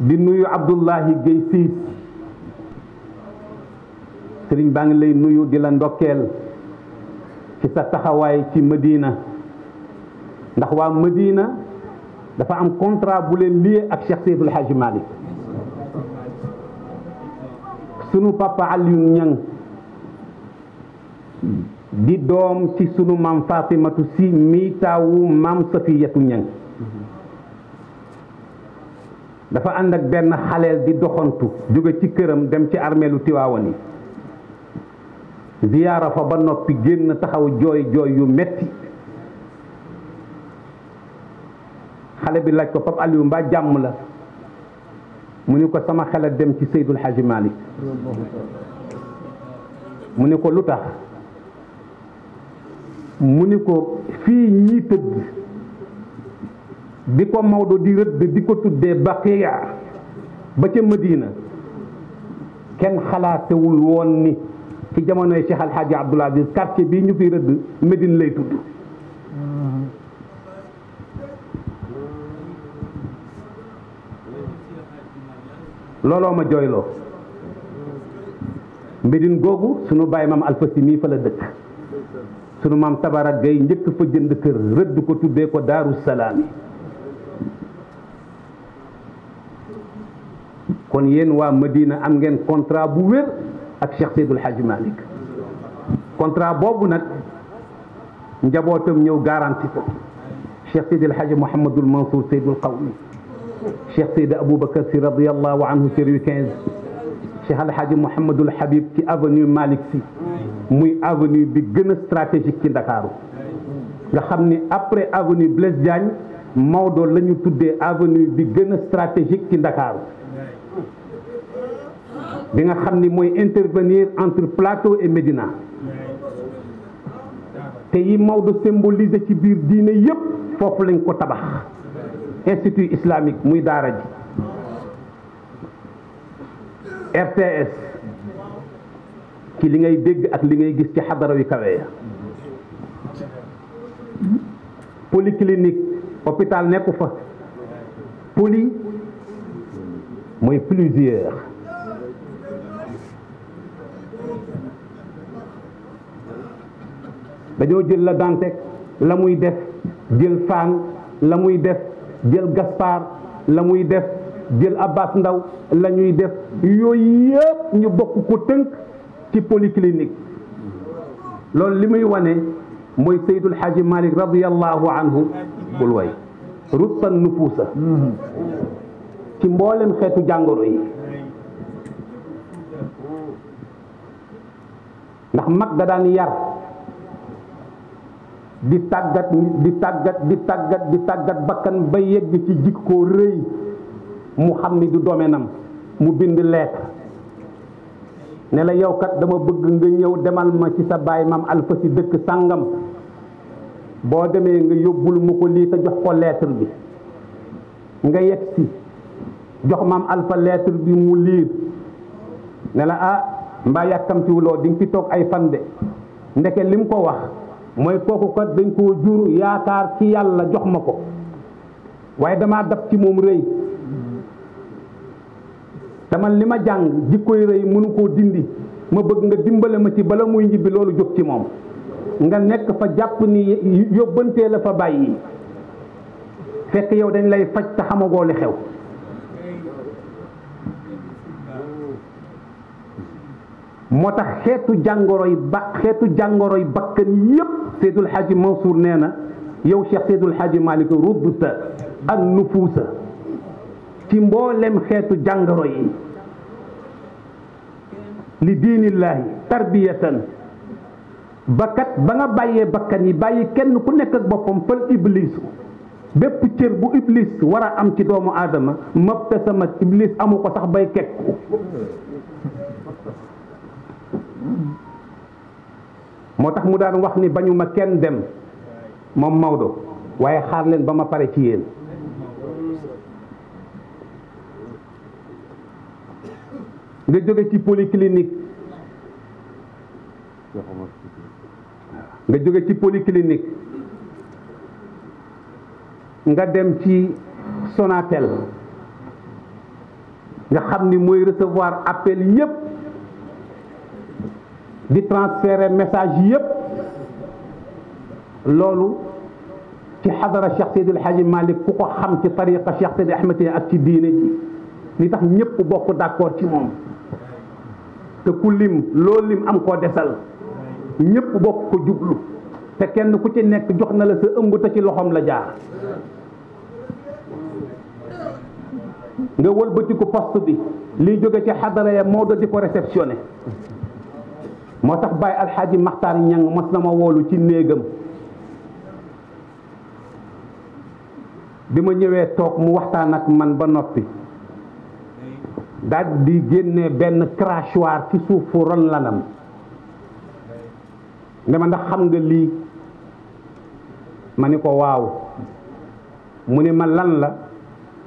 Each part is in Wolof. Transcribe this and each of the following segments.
di nuyu Abdoulahi Guèye Siis sëriñ baa ngi lay nuyu di la ndokkeel ci sa taxawaay ci Medina ndax waa Medina dafa am contrat bu leen lié ak Cheikh Seydil Hadji Malick sunu papa Alioune Niang di doom ci sunu maam Fatimatu Si mi taawu maam Safiyatu Niang dafa ànd ak ben xalel di doxantu jóge ci kërëm dem ci armeelu Tiwaawan yi ziyaara fa ba nopi génn taxaw joy joy yu metti xale bi laaj ko pap Aliou mba jàmm la muni ko sama xala dem ci sayyidul Xaji Malik muni ko lutax muni ko fi ñi tëdd bi ko Maodo di rëdd di ko tuddee baqiya ba ca Madina kenn xalaatewul woon ni ci jamonoy Cheikh Alhaaji Abdoul Aziz quartier bii ñu fi rëdd Médine lay tudd looloo ma jooyloo Médine googu sunu bàyyi maam Alfasi mii fa la dëkk sunu maam Tabara Gay njëkk fa jënd kër rëdd ko tuddee ko Daaru Salaam kon yéen wa Medina am ngeen contrat bu wér ak Cheikh Seydou El Hadj Malick contrat bobu nak njabotam ñëw garantie ko Cheikh Seydou El Hadj Mouhamadul Mansour Seydou Qawmi Cheikh Seydou Aboubacar si radiyallahu anhu ci rue 15 Cheikh El Hadj Mouhamadul Habib ci avenue malik si muy avenue bi gëna stratégique ci dakaru nga xamni après avenue Blaise Diagne mawdo lañu tuddé avenue bi gëna stratégique ci dakaru bi nga xam ni mooy intervenir entre Plateau et Médina te yi Maodo symboliser ci biir diine yépp foofu lañ ko tabax institut islamique muy daara ji RTS ci li ngay dégg ak li ngay gis ci xadara yu kawe ya polyclinique hôpital nekku fa poly mooy plusieurs dañoo jël la Dantec la muy def jël Sane la muy def jël Gaspard la muy def jël Abbas Ndaw la ñuy def yooyu yëpp ñu bokk ko tënk ci polyclinique loolu li muy wane mooy Seydul Xaaji Malik radiallahu anhu bul nufuusa ci mboolem xeetu jàngoro yi ndax mag da daan yar di tàggat di tàggat bi tàggat di tàggat bakkan ba yegg ci jikkoo rëy mu xam ni du domenam mu bind lettre ne la yow kat dama bëgg nga ñëw demal ma ci sa baay maam alfa si dëkk sàngam boo demee nga yóbbul mu ko lii te jox ko lettre bi nga yegg si jox maam alfa lettre bi mu liir ne la ah mbaa yàkkamtiwuloo di fi toog ay fan de ndeke lim ko wax mooy kooku kat dañ koo jur yaakaar ci yàlla jox ma ko waaye damaa dab ci moom rëy te li ma jàng jikkoy rëy mënu koo dindi ma bëgg nga dimbale ma ci bala muy ñibbi loolu jóg ci moom nga nekk fa jàpp ni yóbbantee la fa bàyyi fekk yow dañ lay faj te xamagoo li xew motax xetu jàngoro yi ba xetu jàngoro yi bakkan yépp Seydul haji Mansour neena yow Cheikh Seydul haji malik rubta an nufusa ci mbollem xetu jàngoro yi li dinillah tarbiyatan bakat ba nga baye bakkan yi baye kenn ku nek ak bopam fal iblis bépp cër bu iblis wara am ci doomu adama mabtasama iblis amuko sax bay kekku moo tax mu daan wax ni bañu ma kenn dem moom Maodo waaye xaar leen ba ma pare ci yéen nga jóge ci polyclinique nga jóge ci polyclinique nga dem ci Sonatel nga xam ni mooy recevoir appel yépp di transférer message yëpp lolu ci hadra Cheikh Seydil Hadji malik ku ko xam ci tariqa Cheikh Seydi Ahmed Tidiane ak ci diine ji ni tax ñëpp bokk d'accord ci mom te ku lim loo lim am ko desal ñëpp bokk ko djublu te kenn ku ci nekk jox na la sa ëmb te ci loxom la jaar nga wëlbatiku poste bi li jóge ci hadra ya Maodo di ko réceptionné moo tax Baye Alxaaji maxtaan Ñang mos na ma woolu ci néegam bi ma ñëwee toog mu waxtaan ak man ba noppi daal di génne benn crachoir ci suufu ron lanam ne ma ndax xam nga lii ma ni ko waaw mu ne ma lan la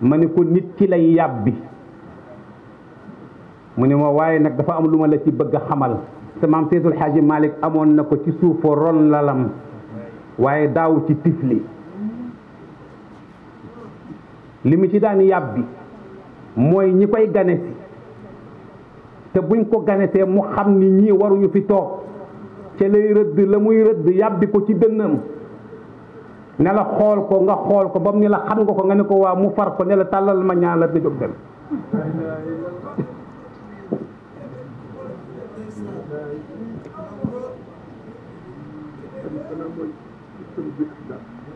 ma ni ko nit ki lay yàbbi mu ne ma waaye nag dafa am lu ma la ci bëgg a xamal te maam Seydul Xaaji Malick amoon na ko ci suufa ron lalam waaye daaw ci tifli li mu ci daan yàbbi mooy ñi koy ganesi te buñ ko ganesee mu xam ni ñii waruñu fi toog ca lay rëdd la muy rëdd yàbbi ko ci dënnam ne la xool ko nga xool ko ba mu ne la xam nga ko nga ne ko waa mu far ko ne tàllal ma ñaan la da jóg dem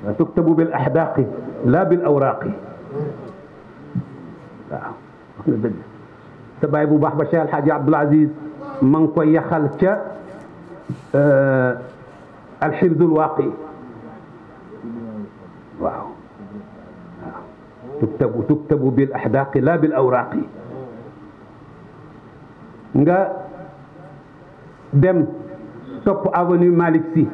لا تكتب بالأحداق لا بالأوراق تبعي أبو بحبة شاء الحاج عبد العزيز من كوي خلت أه الحفظ الواقي واو تكتب تكتب بالأحداق لا بالأوراق دم توب أفنيو مالك سي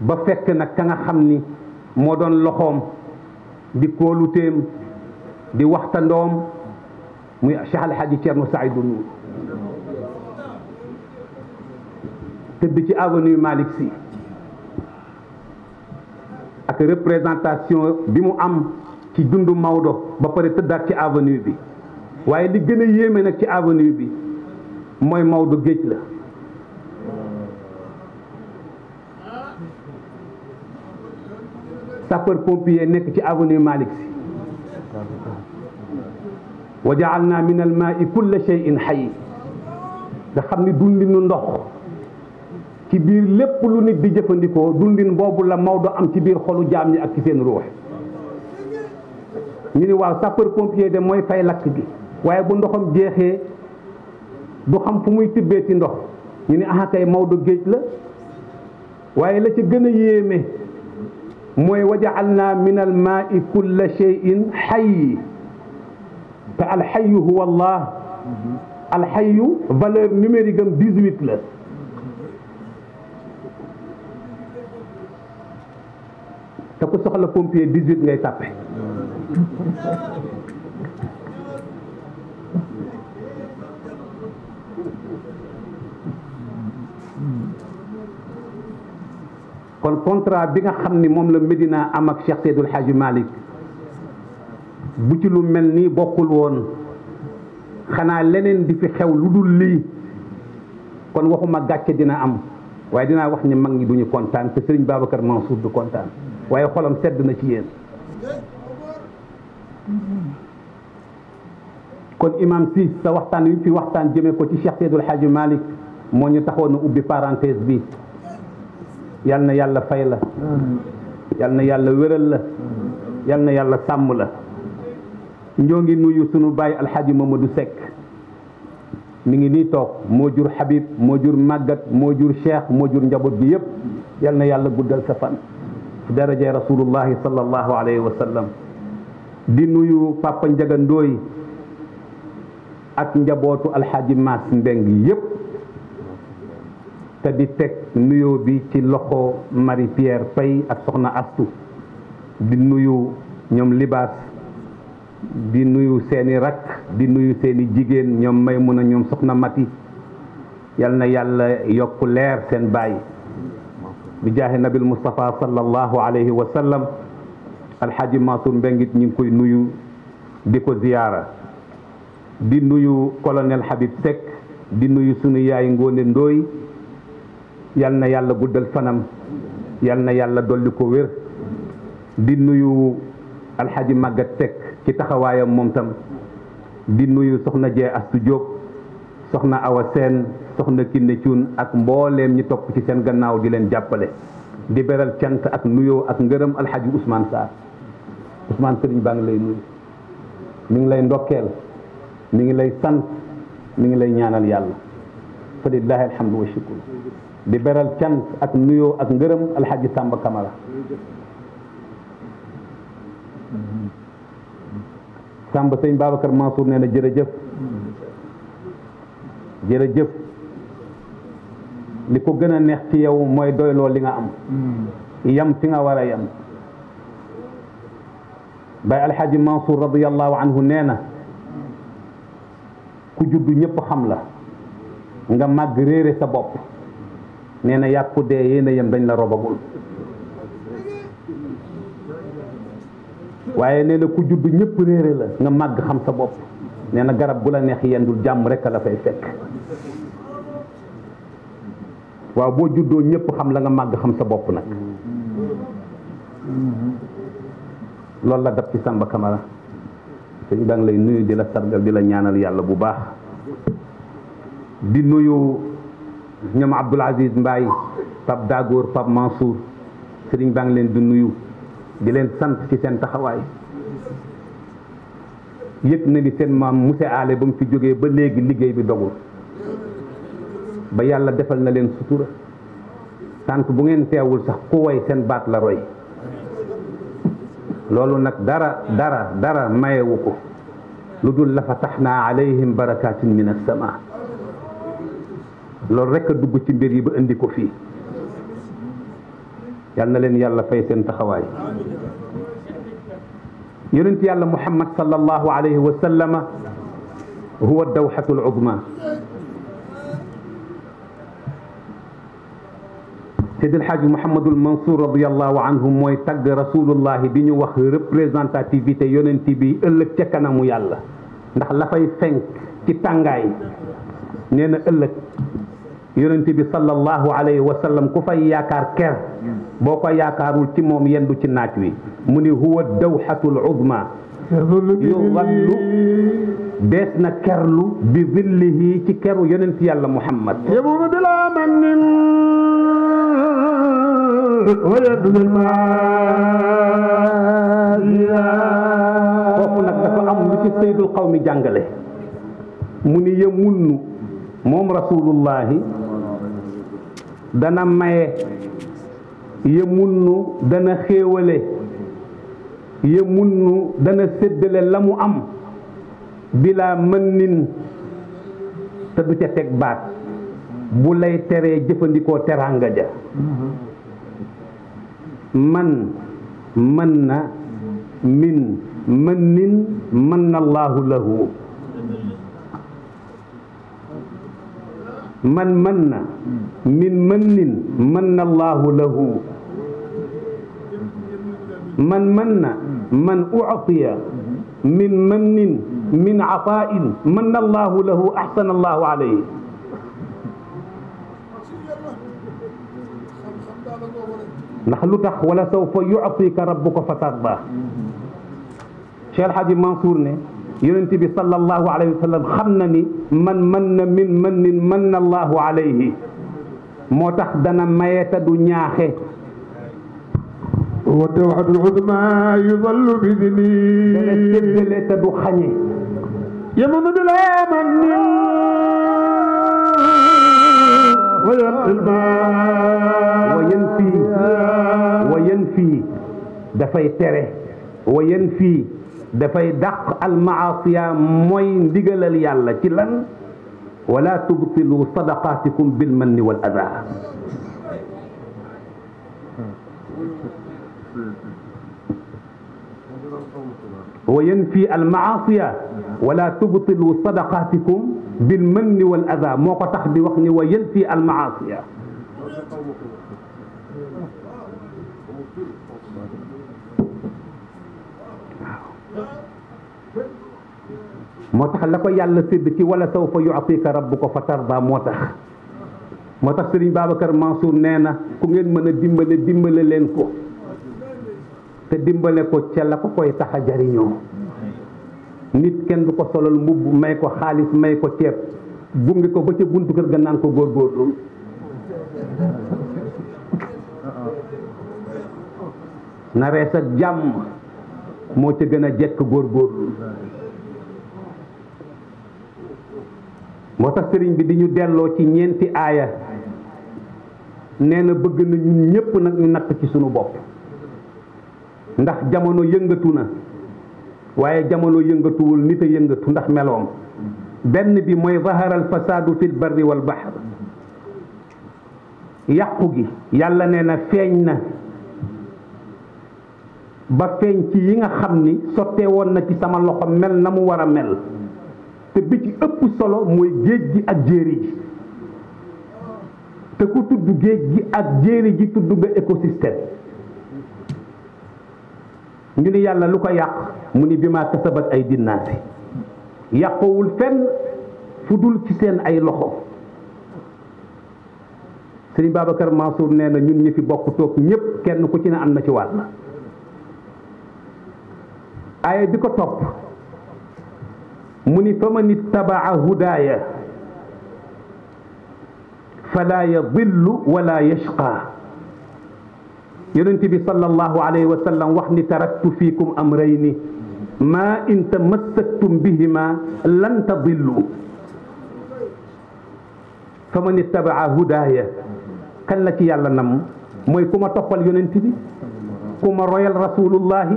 ba fekk nag ka nga xam ni moo doon loxoom di kóoluteem di waxtandoom muy Cheikh Al Hadji Thierno Saïdou Nour tëdd ci avenue Malick Sy ak représentation bi mu am ci dundu Maodo ba pare tëddaat ci avenue bi waaye li gën a yéeme nag ci avenue bi mooy Maodo géej la sapeur pompier nekk ci avenue Malick Sy wa jaalna min al maai kulla cheyin xay nga xam ni dundinu ndox ci biir lépp lu nit di jëfandikoo dundin boobu la Maodo am ci biir xolu jaam ñi ak ci seen ruux ñu ni waaw sapeur pompier de mooy fay lakk gi waaye bu ndoxam jeexee du xam fu muy tibbee ci ndox ñu ni aha kay Maodo géej la waaye la ci gën a yéeme mooy wajaalna min almaai kulla cheyin xay te alxayu huwa allah alxayu valeur numérique am 18 la te ku soxla pompier 18 ngay tàppe kon contrat bi nga xam ni moom la Medina am ak Cheikh Seydou El Hadj Malick bu ci lu mel nii bokkul woon xanaa leneen di fi xew lu dul lii kon waxuma gàcce dina am waaye dinaa wax ni mag ñi duñu kontaan te Serigne Babacar Mansour du kontaan waaye xolam sedd na ci yéen. kon imam si sa waxtaan wi fi waxtaan jëmee ko ci Cheikh Seydou El Hadj moo ñu taxoon na ubbi parenthèse bi. yal na yàlla fay la yal na yàlla wéral la yal na yàlla sàmm la ñoo ngi nuyu sunu bàyyi alxaaji Mamadou Seck mi ngi nii toog moo jur Habib moo jur màggat moo jur Cheikh moo jur njaboot bi yëpp yal na yàlla guddal sa fan darajee rasulullahi sallallahu alayhi wa sallam di nuyu Papa Njaga ak njabootu alxaaji Maas Mbeng yëpp te di teg nuyoo bi ci loxo Marie Pierre Paye ak soxna Astu di nuyu ñoom libaas di nuyu seeni rakk di nuyu seeni jigéen ñoom Maymuna ñoom soxna Mati yal na yàlla yokk leer seen baay bi jaaxe nabil Moustapha sallallahu alayhi wa alxaaji Mansour Mbengit ñu koy nuyu di ko ziyaara di nuyu colonel Habib Seck di nuyu sunu yaay Ngoone Ndooy yal na yàlla guddal fanam yal na yàlla dolli ko wér di nuyu alxaji màggat Seck ci taxawaayam moom tam di nuyu soxna jee astu Diop soxna awa seen soxna kinne cuun ak mbooleem ñi topp ci seen gannaaw di leen jàppale di beral cant ak nuyoo ak ngërëm alxaji Ousmane Sarr Ousmane sëriñ baa ngi lay nuyu mu ngi lay ndokkeel mu ngi lay sant mu ngi lay ñaanal yàlla fa lillahi alhamdu wa di beral can ak nuyoo ak ngërëm alxaji Samba Kamara Samba sëñ Babacar Mansour nee na jërëjëf li ko gën a neex ci yow mooy doyloo li nga am yam fi nga war a yam bay alxaji Mansour radiyallahu anhu nee na ku juddu ñëpp xam la nga màgg réere sa bopp nee na yàqu dee yenn a yem dañ la robagul waaye nee na ku judd ñëpp réere la nga màgg xam sa bopp nee na garab bu la neex yendul jàmm rek a la fay fekk waaw boo juddoo ñëpp xam la nga màgg xam sa bopp nag loolu la dab ci Samba Camara sëñ baa ngi lay nuyu di la sargal di la ñaanal yàlla bu baax di nuyu ñoom Abdoul Aziz Mbaye Pape Dagoor Pape Mansour sëriñ baa ngi leen di nuyu di leen sant ci seen taxawaay yëg na ni seen maam Moussa Allé ba mu fi jógee ba léegi liggéey bi dogul ba yàlla defal na leen sutura tànk bu ngeen teewul sax ku woy seen baat la roy loolu nag dara dara dara mayewu ko lu dul la fatahnaa alayhim barakatin min as-samaa loolu rek a dugg ci mbir yi ba indi ko fii yal na leen yàlla fay seen taxawaay yonent yàlla muhammad sallallahu alayhi wa sallama huwa dawxatul uzma Seydi El Hadji Mouhamadul Mansour radiallahu anhu mooy tagg rasulullahi bi ñu wax représentativité yonent bi ëllëg ca kanamu yàlla ndax la fay fenk ci tàngaay nee na ëllëg yonent bi sallallahu alayhi wa sallam ku fay yaakaar ker boo ko yaakaarul ci moom yendu ci naaj wi mu ni huwa dawxatul uzma yuwallu dees na kerlu bi zillihi ci keru yonent yàlla muhammad yaburu bila mannin wa yaddu bil foofu nag dafa am lu ci saydul qawmi jàngale mu ni yemunnu moom rasulullahi dana maye yemunnu dana xéewale yemunnu dana seddale la mu am bilaa mën nin te du ca teg baat bu lay teree jëfandikoo teraanga ja man mën na min mën nin mën na laahu lahu man mën na من من من الله له من من من أعطي من من من عطاء من الله له أحسن الله عليه نحن لك ولا سوف يعطيك ربك فترضى شيخ الحاج منصور ينتي صلى الله عليه وسلم خمنني من من من من الله عليه moo tax dana maye te du ñaaxe والتوحد العظمى يظل بذني يمن بلا من ويرقي وينفي وينفي دفاي تري وينفي دفاي دق المعاصي موي نديغال يالا تي لان ولا تبطلوا صدقاتكم بالمن والأذى وينفي المعاصي ولا تبطلوا صدقاتكم بالمن والأذى موقع تخدي وخني وينفي المعاصي moo tax la ko yàlla sédd ci wala saw fa yu'tika rabbuka fa tarda moo tax moo tax sëriñ Babacar Mansour nee na ku ngeen mën a dimbale dimbale leen ko te dimbale ko ca la ko koy tax a jariñoo nit kenn du ko solal mbubb may ko xaalis may ko ceeb gunge ko ba ca buntu kër ga naan ko góorgóorlu na rees jàmm moo ca gën a jekk góorgóorlu moo tax sëriñ bi di ñu delloo ci ñeenti aaya nee na bëgg na ñépp nag ñu natt ci sunu bopp ndax jamono yëngatu na waaye jamono yëngatuwul nit a yëngatu ndax meloom benn bi mooy zaharal fasaadu fil barri wal bahr yàqu gi yàlla nee na feeñ na ba feeñ ci yi nga xam ni sotte woon na ci sama loxo mel na mu war a mel te bi ci ëpp solo mooy géej gi ak jéeri ji te ku tudd géej gi ak jéeri ji tudd nga écosystème ñu ni yàlla lu ko yàq mu ni bi maa kasabat ay dinnaasi yàqowul fenn fu dul ci seen ay loxo sëriñ Babacar Mansour nee na ñun ñi fi bokk toog ñépp kenn ku ci ne am na ci wàll aaye bi ko topp من فمن اتبع هدايا فلا يضل ولا يشقى ينتبه صلى الله عليه وسلم وحني تركت فيكم أمرين ما إن تمسكتم بهما لن تضلوا فمن اتبع هدايا كان لك يالا نم مويكما تقبل ينتبه كما رويا رسول الله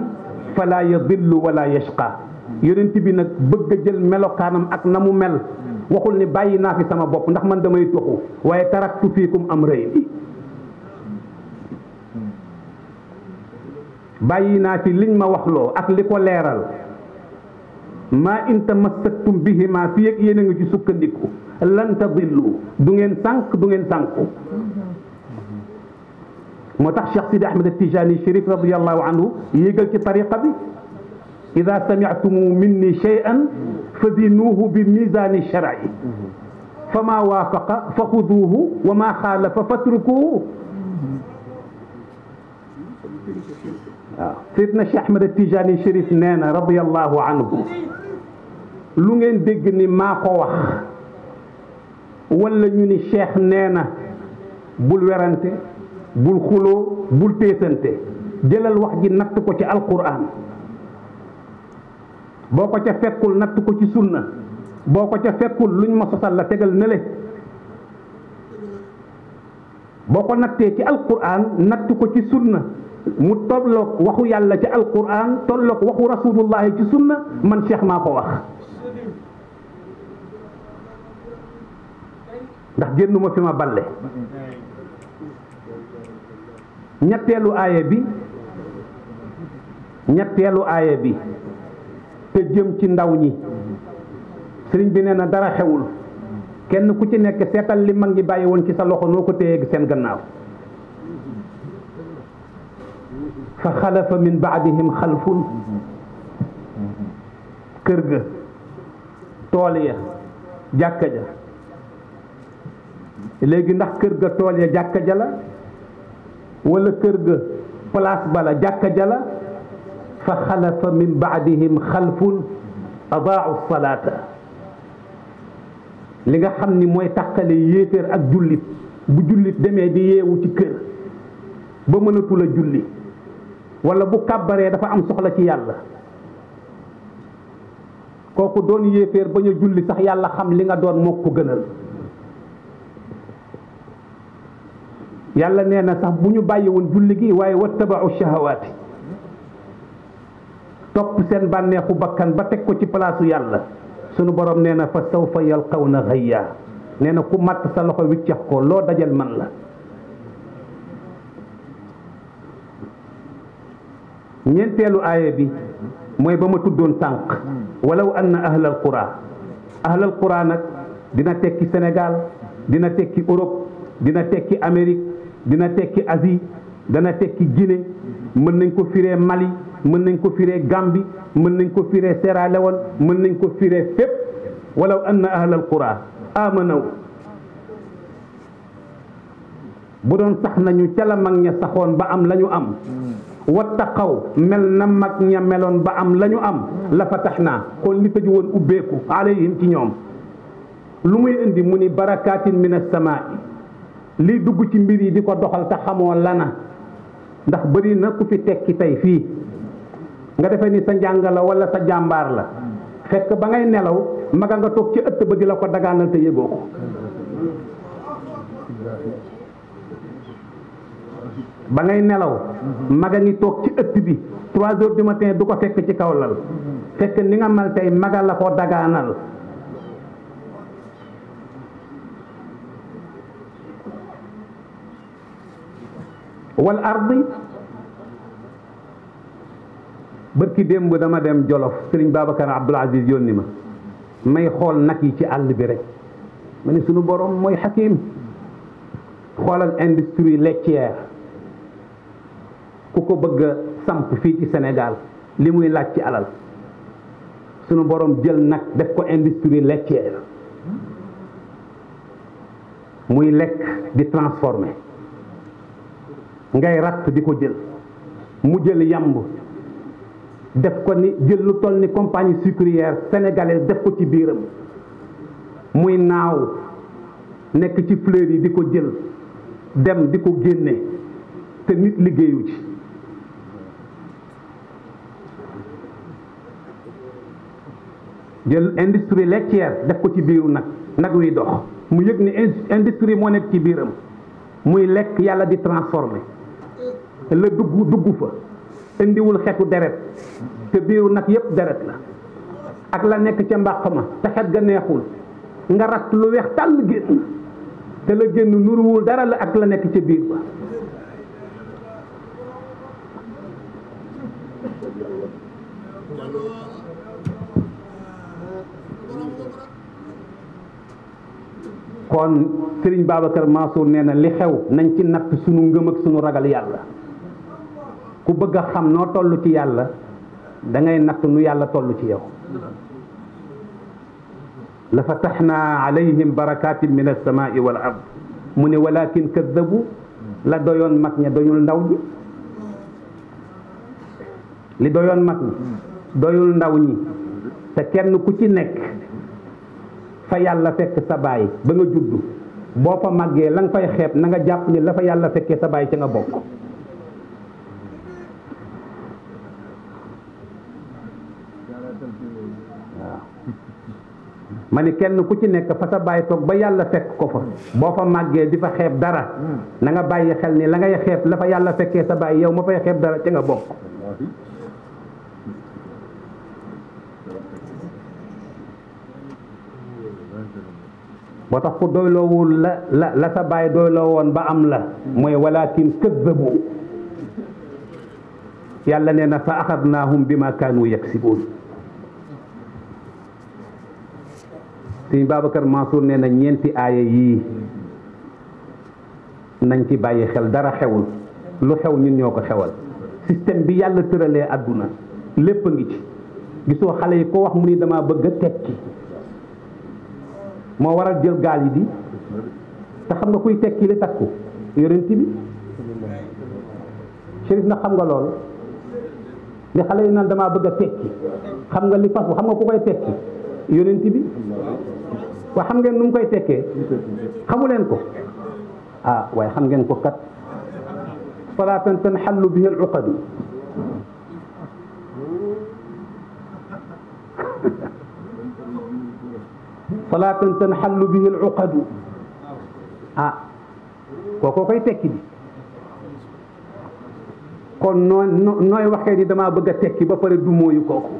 فلا يضل ولا يشقى yonent bi nag bëgg a jël melokaanam ak na mu mel waxul ni bàyyi naa fi sama bopp ndax man damay toxu waaye taraktu fiikum am rëy bi bàyyi naa fi liñ ma waxloo ak li ko leeral maa in tamassaktum bihimaa fii ak yéen a ngi ci sukkandiku lanta tadillu du ngeen sànq du ngeen sànku moo tax Cheikh Sidi Ahmed Tijani Chérif radiyallahu anhu yéegal ci tariqa bi إذا سمعتم مني شيئا فدينوه بميزان الشرعي فما وافق فخذوه وما خالف فاتركوه آه. سيدنا الشيخ أحمد التيجاني شريف نانا رضي الله عنه لونين دقني ما قوخ ولا يوني الشيخ نانا بول ورانتي بول خلو بول تيسنتي جلال وحجي نكتكو القرآن boo ko ca fekkul natt ko ci sunna boo ko ca fekkul luñ ma sosal la tegal nele boo ko nattee ci alquran natt ko ci sunna mu tolloog waxu yàlla ci alquran tolloog waxu rasulullahi ci sunna man cheikh maa ko wax ndax génnuma fi ma balle ñetteelu aaya bi ñetteelu aaya bi te jëm ci ndaw ñi sëriñ bi nee na dara xewul kenn ku ci nekk seetal li mag ñi bàyyi woon ci sa loxo noo ko téyeeg seen gannaaw fa xalafa min baadihim xalfun kër ga tool ya jàkka ja léegi ndax kër ga tool ya jàkka ja la wala kër ga place ba la jàkka ja la fa xalafa min baadihim xalfun adaau salaata li nga xam ni mooy tàqale yéeféer ak jullit bu jullit demee di yeewu ci kër ba mënatul a julli wala bu kàbbaree dafa am soxla ci yàlla kooku doon yéeféer bañ a julli sax yàlla xam li nga doon moo ko gënal yàlla nee na sax bu ñu bàyyi woon julli gi waaye wattabau shahawaati topp seen bànneexu bakkan ba teg ko ci palaasu yàlla sunu boroom nee na fa sawfa na xayya nee na ku màtt sa loxo wiccax ko loo dajal man la ñeenteelu aaya bi mooy ba ma tuddoon sànq walaw anna ahlal qura ahlal qura nag dina tekki senegaal dina tekki Europe dina tekki amerig dina tekki Asie dana tekki Guinée mën nañ ko firee Mali mën nañ ko firee Gambie mën nañ ko firee Sierra Leone mën nañ ko firee fépp walaw anna ahlal qura amanaw bu doon sax nañu ca la mag ña saxoon ba am lañu ñu am wattaqaw mel na mag ña meloon ba am lañu ñu am la fatahnaa kon li tëju woon ubbeeku alayhim ci ñoom lu muy indi mu ni barakaatin min as-samaa'i liy dugg ci mbir yi di ko doxal te xamoo lana ndax bëri na ku fi tekki tey fii nga defee ni sa njàng la wala sa jàmbaar la fekk ba ngay nelaw maga nga toog ci ëtt ba di la ko dagaanal te yëgoo ko ba ngay nelaw maga ngi toog ci ëtt bi trois heures du matin du ko fekk ci kaw lal fekk ni nga mal tey maga la ko dagaanal wal ardi bërki démb dama dem Jolof Sëriñ Babacar Abdoul Aziz yónni ma may xool nag yi ci àll bi rek ma ne suñu borom mooy xakim xoolal industrie laitière ku ko bëgg samp fii ci Sénégal li muy laaj ci alal suñu borom jël nag def ko industrie laitière muy lekk di transformer ngay ratt di ko jël mu jël yamb def ko ni jël lu toll ni compagnie sucrière sénégalaise def ko ci biiram muy naaw nekk ci fleur yi di ko jël dem di ko génne te nit liggéeyu ci jël industrie laitière def ko ci biiru nag nag wi dox mu yëg ni industrie moo nekk ci biiram muy lekk yàlla di transformer la dugg dugg fa indiwul xetu deret te biiru nag yépp deret la ak la nekk ca mbaq ma te xet ga neexul nga rat lu weex tàll génn te la génn nuruwul dara la ak la nekk ca biir ba kon Serigne Babacar Mansour nee na li xew nañ ci natt sunu ngëm sunu ragal yàlla ku bëgg a xam noo toll ci yàlla dangay ngay natt nu yàlla toll ci yow la fataxnaa alayhim barakatin min alsamai wal ard mu ne walakin kaddabu la doyoon mag ña doyul ndaw ñi li doyoon mag ñi doyul ndaw ñi te kenn ku ci nekk fa yàlla fekk sa baay ba nga judd boo fa màggee la nga fay xeeb nanga jàpp ni la fa yàlla fekkee sa baay ca nga bokk ma ni kenn ku ci nekk fa sa bàyyi toog ba yàlla fekk ko fa boo fa màggee di fa xeeb dara hmm. na nga bàyyi xel ni la ngay xeeb la fa yàlla sekkee sa bàyyi yow ma fay xeeb dara ci nga bokk boo tax ku doyloowul la la la sa bàyyi doyloo woon ba am la mooy walaakin këzzabu yàlla nee na fa axadnaahum bi ma kaanu yaksibuun sëñ Babacar Mansour nee na ñeenti aaya yii nañ ci bàyyi xel dara xewul lu xew ñun ñoo ko xewal système bi yàlla tëralee àdduna lépp a ngi ci gisoo xale yi ko wax mu ni damaa bëgg a tekki moo waral jël gaal yi te xam nga kuy tekki li takku yonent bi Chérif na xam nga lool li xale yi naan damaa bëgg a tekki xam nga li fasu xam nga ku koy tekki yonent bi ko xam ngeen nu mu koy tekkee xamu leen ko ah waaye xam ngeen ko kat salaatan tanxallu bihi al uqadu salaatan tanxallu bihi al uqadu ah kookoo koy tekki bi kon nooy nooy waxee ni damaa bëgg a tekki ba pare du mooyu kooku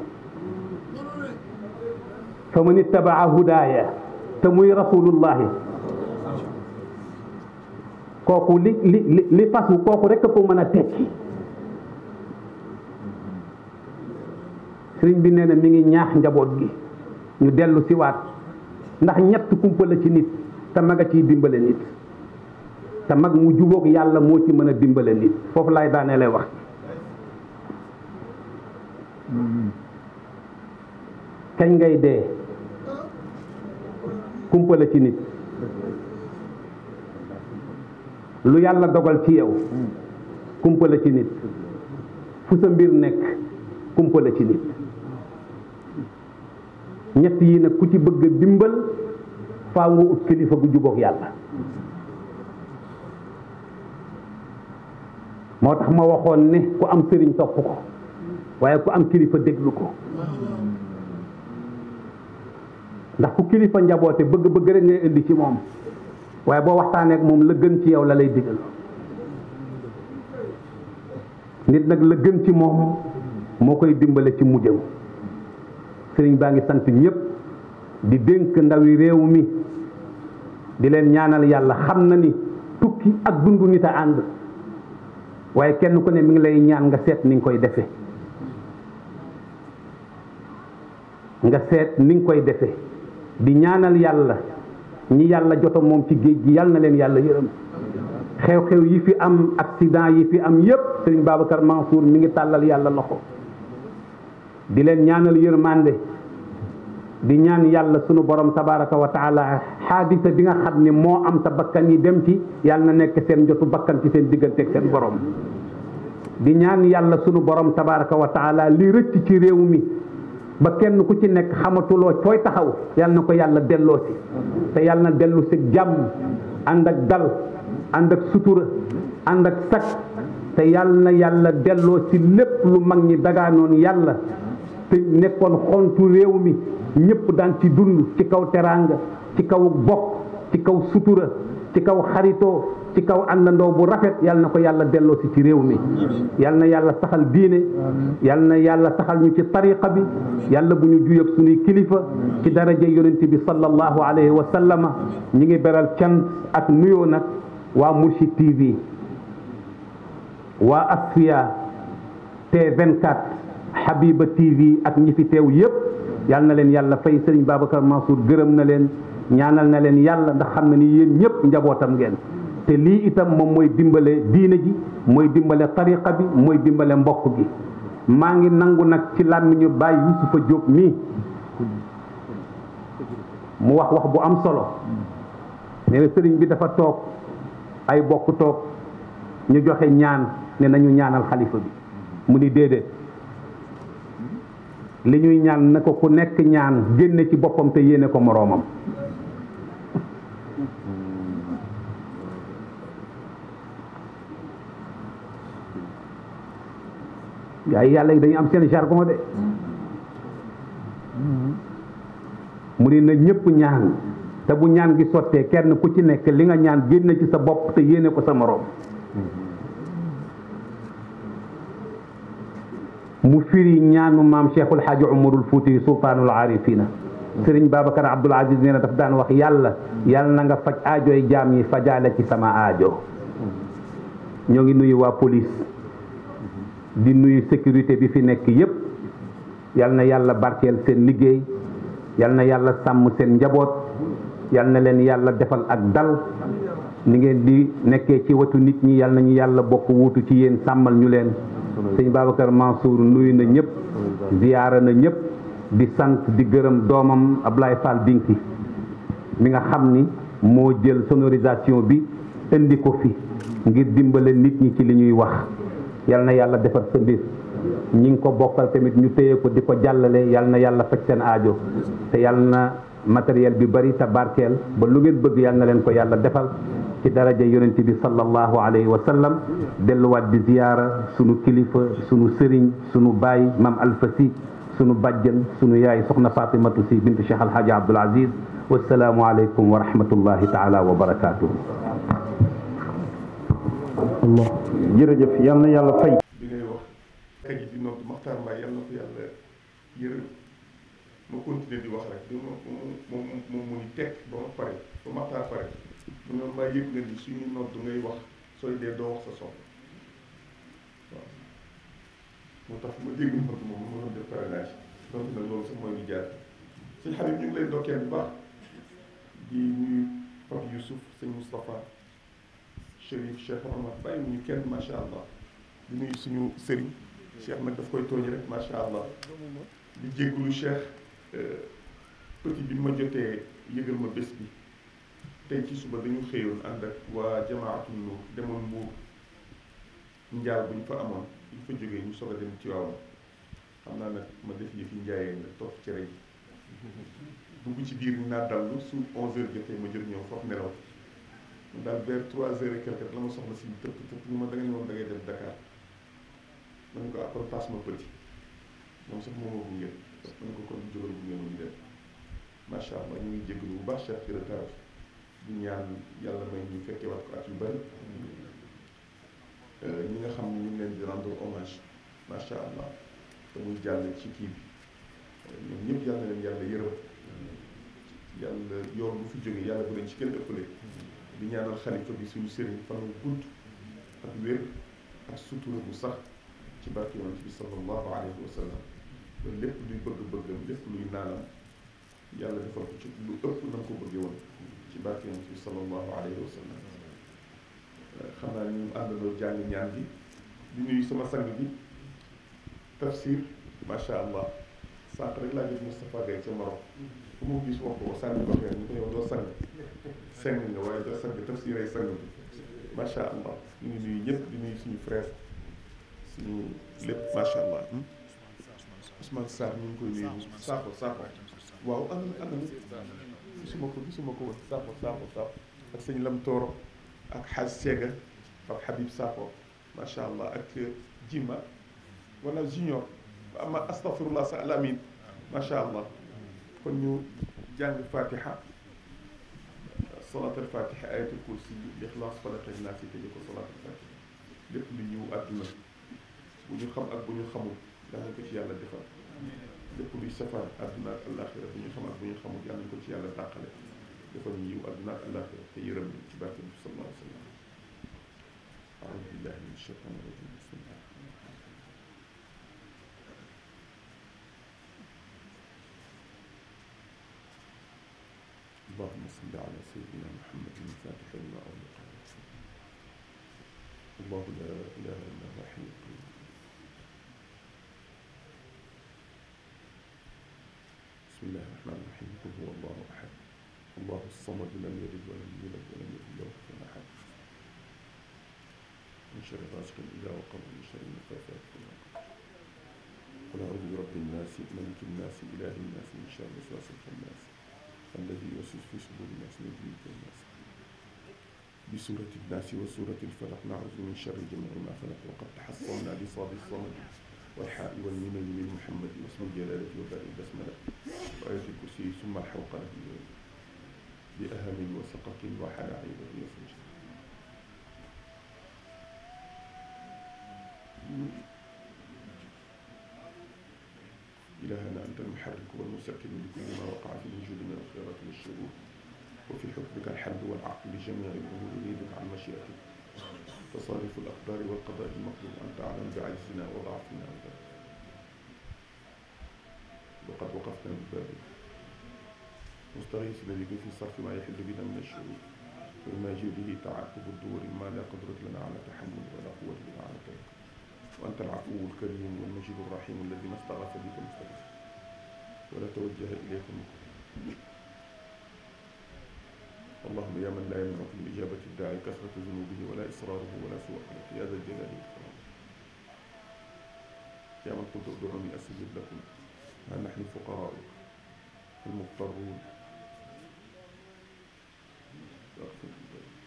fa man ittabaa hudaaya te muy rasulullahi kooku li li li fas wu kooku rek ko mën a tekki sëriñ bi nee na mi ngi ñaax njaboot gi ñu dellu siwaat ndax ñett kumpa la ci nit te mag a ciy dimbale nit te mag mu jubóog yàlla moo ci mën a dimbale nit foofu laay daanee lay wax kañ ngay dee kumpa ci nit lu yàlla dogal ci yow kumpa la ci nit fu sa mbir nekk kumpa la ci nit ñett yi nag ku ci bëgg dimbal faaw nga ut kilifa gu jubook yàlla moo tax ma waxoon ne ku am sëriñ topp ko waaye ku am kilifa déglu ko ndax ku kilifa njaboote bëgg-bëgg rek ngay indi ci moom waaye boo waxtaaneek moom la gën ci yow la lay digal nit nag la gën ci moom moo koy dimbale ci mujjam sëriñ baa ngi sant ñépp di dénk ndawi réew mi di leen ñaanal yàlla xam na ni tukki ak dundu nit a ànd waaye kenn ku ne mi ngi lay ñaan nga seet ni nga koy defee nga seet ni koy defee di ñaanal yàlla ñi yàlla joto moom ci géej gi yàlla na leen yàlla yërëm xew-xew yi fi am accident yi fi am yépp sëriñ Babacar Mansour mi ngi tàllal yàlla loxo di leen ñaanal yërmande di ñaan yàlla sunu borom tabaraka wa taala xaadisa bi nga xam ne moo am ta bakkan yi dem ci yàlla na nekk seen jotu bakkan ci seen digganteeg seen borom di ñaan yàlla sunu borom tabaraka wa taala li rëcc ci réew mi ba kenn ku ci nekk xamatuloo cooy taxaw yal na ko yàlla delloo si te yal na dellu si jàmm ànd ak dal ànd ak sutura ànd ak sag te yal na yàlla delloo ci lépp lu mag ñi dagaanoon yàlla te nekkoon xontu réew mi ñëpp daan ci dund ci kaw teraanga ci kaw bokk ci kaw sutura ci kaw xaritoo ci kaw ndaw bu rafet yal na ko yàlla delloo si ci réew mi yal na yàlla saxal diine yal na yàlla saxal ñu ci tariqa bi yàlla bu ñu juyëb suñuy kilifa ci daraja yonente bi sallallahu alayhi wa sallama ñi ngi beral cant ak nuyoo nag waa Mourchid TV waa Asfiya T24 Habiba TV ak ñi fi teew yépp yal na leen yàlla fay Serigne Babacar Mansour gërëm na leen ñaanal na leen yàlla ndax xam na ni yéen ñëpp njabootam ngeen te lii itam moom mooy dimbale diine ji mooy dimbale tariqa bi mooy dimbale mbokk gi maa ngi nangu nag ci làmmiñu Baay Yusufa jóg mii mu wax wax bu am solo nee na sëriñ bi dafa toog ay bokk toog ñu joxe ñaan ne nañu ñaanal xalifa bi mu ni déedéet li ñuy ñaan na ko ku nekk ñaan génne ci boppam te yéene ko moroomam gaa yi yàlla yi dañu am seen jargon de mu ne na ñëpp ñaan te bu ñaan gi sottee kenn ku ci nekk li nga ñaan génne ci sa bopp te yéene ko sa moroom mu firi ñaanu maam Cheikhul Hadji Umarul Fuuti sultaanul aarifina sëriñ daf daan wax yàlla yàlla na nga faj aajooy jaam yi fajaale ci sama ajo ñoo ngi nuyu waa police di nuyu sécurité bi fi nekk yépp yal na yàlla barkeel seen liggéey yal na yàlla sàmm seen njaboot yal na leen yàlla defal ak dal ni ngeen di nekkee ci wetu nit ñi yal nañu yàlla bokk wuutu ci yéen sàmmal ñu leen sëñ Babacar Mansour nuyu na ñëpp ziyaara na ñëpp di sant di gërëm doomam Ablaye Fall Binki mi nga xam ni moo jël sonorisation bi indi ko fi ngir dimbale nit ñi ci li ñuy wax yal na yàlla defar sa mbir ñi ngi ko bokkal tamit ñu téye ko di ko jàllale yal na yàlla faj seen aajo te yal na matériel bi bari te barkeel ba lu ngeen bëgg yal na leen ko yàlla defal ci daraja yonent bi sallallahu alayhi wa sallam delluwaat di ziyaara sunu kilifa sunu sëriñ sunu baay mam alfasi sunu bàjjan sunu yaay soxna fatimatu si bintu cheikh alhaaji abdul aziz wasalaamu aleykum wa rahmatullahi taala wa barakatuhu jërëjëf yal yàlla fay. bi ngay wax kañ ko wax rek di ma ma ma ma teg ba ma pare ba Maxtaar doo wax sa soxla moo tax ma dégg nodd moom ma doon def parrainage noonu nag loolu sax mooy lu jaar suñu xarit ñu ngi lay ndokkeel bu baax di nuyu Pape Youssouf sëñ Moustapha. Chérif Cheikh Omar bàyyi ñu kenn macha allah di nuyu suñu sëriñ Cheikh nag daf koy tooñ rek macha allah di jéggulu Cheikh euh, petit bi ma jotee yëgal ma bés bi tey ci suba dañu xëyoon ànd ak waa jamaatul Nuur demoon Mbuur njaal bu ñu fa amoon bu ñu fa jógee ñu soog a dem ci waaw xam naa nag ma def yi fi njaayee nga toog cere yi dugg ci biir naa dallu su 11 heures jotee ma jot ñëw foofu nelaw mu daal vers trois heures et quelque la ma soxla si tëpp tëpp ni ma da nga ne moom da dem Dakar ma ko ah kon ma petit moom sax moom moo gunge ma ne ko kon jógal gunge ma ñu dem macha allah ñu ngi jégalu bu baax cher ci retard di ñaan yàlla may ñu fekkee waat ko at yu bëri euh, ñi nga xam ne ñu ngi leen di rendre hommage macha allah te muy jàll ci kii bi euh, ñoom ñëpp yàlla leen yàlla yërëm yàlla yoon bu fi jógee yàlla bu leen ci kenn ëppalee. di ñaanal xalifa bi suñu sëriñ fanu gudd ak wér ak sutura bu sax ci barke yonente bi sal allahu alayhi wa sallam loolu lépp luy bëgg-bëggam lépp luy naanam yàlla defal ko ci lu ëpp na ko bëgge woon ci barke yonente bi sal allahu alayhi wa sallam xam naa ñu àndandoo jàng ñaan bi di nuyu sama sang bi tafsir macha allah sànq rek laa jëf Moustapha Gaye ca Maroc fu mu gis wax ko sànni ko xeer ñu ko yow doo sang sang nga waaye doo sang tafsiray sang bi macha allah ñu ngi nuyu ñëpp di nuyu suñu frère suñu lépp macha allah Ousmane Sarr ñu ngi koy nuyu saako saako waaw am na am na gisuma ko gisuma ko woon saako saako saako ak sëñ Lam Tooro ak xaaj Sega ak Habib Saako macha allah ak Jima wala Junior ama astafurlah sa alamin macha allah. kon ñu jàng fatiha salaatal fatiha ayatul kursi lixlaas falaqek naa si tëje ko salaatal fatiha lépp lu ñëw àdduna bu ñu xam ak bu ñu xamul yàlla nañ ko ci yàlla defal lépp luy safaan àdduna ak àllaaxira bu ñu xam ak bu ñu xamul yàlla nañ ko ci yàlla dàqale defal ñu yiw àdduna ak àllaaxira te yërëm ñu ci barke bi sallallahu alayhi wa sallam aoudu billahi min shaytan rajim اللهم صل على سيدنا محمد المفاتح لما أغلق الله لا إله إلا هو الحي القيوم بسم الله الرحمن الرحيم قل هو الله أحد الله الصمد لم يلد ولم يولد ولم يكن له كفوا أحد من شر غاسق إذا وقب من شر النفاثات في العقد قل أعوذ برب الناس ملك الناس إله الناس من شر الوسواس الخناس الذي يوسوس في صدور الناس من الناس بسورة الناس وسورة الفلق نعوذ من شر جميع ما خلق وقد تحصلنا بصاد الصمد والحاء والميم من محمد واسم الجلالة وباء البسملة وآية الكرسي ثم الحوقلة بأهم وسقط وحلاعي وهي المحرك والمسكن لكل ما وقع في الوجود من الخيرات والشرور وفي حكمك الحد والعقل لجميع الأمور يريدك عن مشيئتك تصارف الأقدار والقضاء المطلوب أنت أعلم بعجزنا وضعفنا وقد وقفنا من بابك مستغيثنا بك في صرف ما يحل بنا من الشرور وما يجري به تعاقب الدور ما لا قدرة لنا على تحمل ولا قوة لنا على ترك وأنت العفو الكريم والمجيد الرحيم الذي ما استغاث بك مستغيث ولا توجه إليكم اللهم يا من لا يمنع من إجابة الداعي كثرة ذنوبه ولا إصراره ولا سوء يا ذا الجلال والإكرام يا من قلت ادعوني أستجب لكم ها نحن الفقراء المضطرون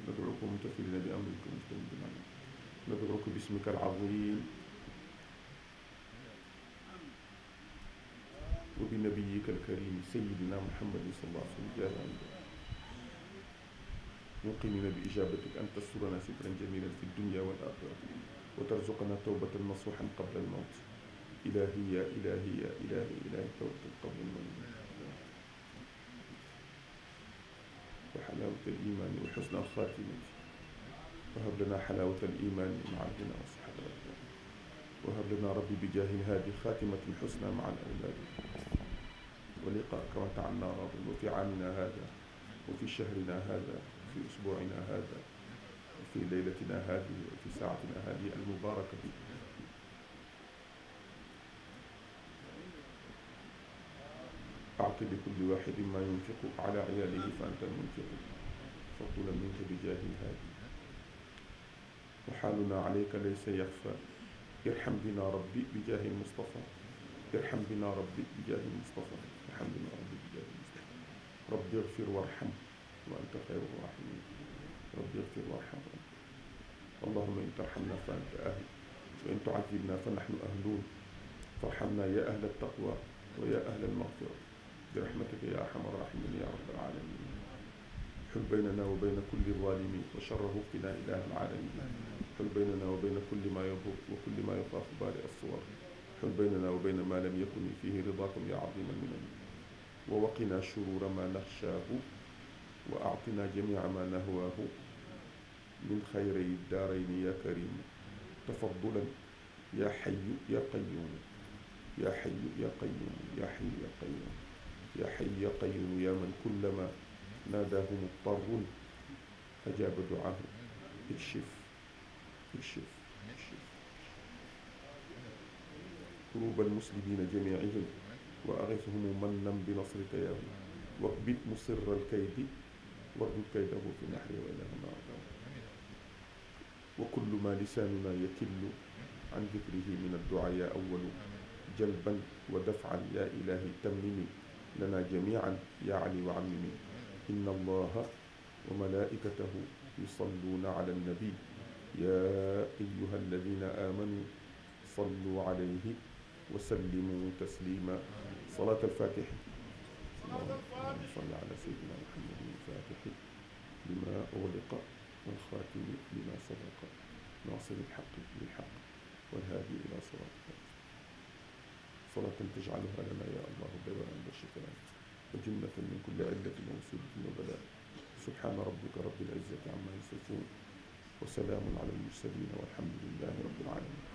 ندعوكم منتفلين بأمرك مستمد ندعوك باسمك العظيم وبنبيك الكريم سيدنا محمد صلى الله عليه وسلم جل بإجابتك أن تسترنا سترا جميلا في الدنيا والآخرة وترزقنا توبة نصوحا قبل الموت إلهي يا إلهي يا إلهي إلهي توبة قبل الموت وحلاوة الإيمان وحسن الخاتمة وهب لنا حلاوة الإيمان مع الغنى وصحة الأولاد وهب لنا ربي بجاه هذه خاتمة حسنى مع الأولاد ولقاءك تعلمنا راض وفي عامنا هذا وفي شهرنا هذا وفي أسبوعنا هذا وفي ليلتنا هذه وفي ساعتنا هذه المباركة أعطي لكل واحد ما ينفق على عياله فأنت المنفق فضلا منك بجاه هذه وحالنا عليك ليس يخفى ارحم بنا ربي بجاه المصطفى ارحم بنا ربي بجاه المصطفى الحمد لله رب اغفر وارحم وأنت خير الراحمين رب اغفر وارحم اللهم إن ترحمنا فأنت أهل وإن تعذبنا فنحن أهلون فارحمنا يا أهل التقوى ويا أهل المغفرة برحمتك يا أرحم الراحمين يا رب العالمين حل بيننا وبين كل الظالمين وشره فينا إله العالمين حل بيننا وبين كل ما يضر وكل ما يخاف بارئ الصور حل بيننا وبين ما لم يكن فيه رضاكم يا عظيم المنن ووقنا شرور ما نخشاه وأعطنا جميع ما نهواه من خير الدارين يا كريم تفضلا يا حي يا قيوم يا حي يا قيوم يا حي يا قيوم يا حي يا قيوم يا من كلما ناداه مضطر أجاب دعاه اكشف اكشف اكشف قلوب المسلمين جميعهم وأغثهم منا بنصرك يا الله واكبت مصر الكيد واردد كيده في نحري وإله ما وكل ما لساننا يكل عن ذكره من الدعاء يا أول جلبا ودفعا يا إلهي تممي لنا جميعا يا علي وعممي إن الله وملائكته يصلون على النبي يا أيها الذين آمنوا صلوا عليه وسلموا تسليما صلاة الفاتحة اللهم صل على سيدنا محمد الفاتح لما أغلق والخاتم لما سبق ناصر الحق بالحق والهادي إلى صراطك صلاة تجعلها لنا يا الله دواء وشفاء وجنة من كل علة ومصيبة وبلاء سبحان ربك رب العزة عما يصفون وسلام على المرسلين والحمد لله رب العالمين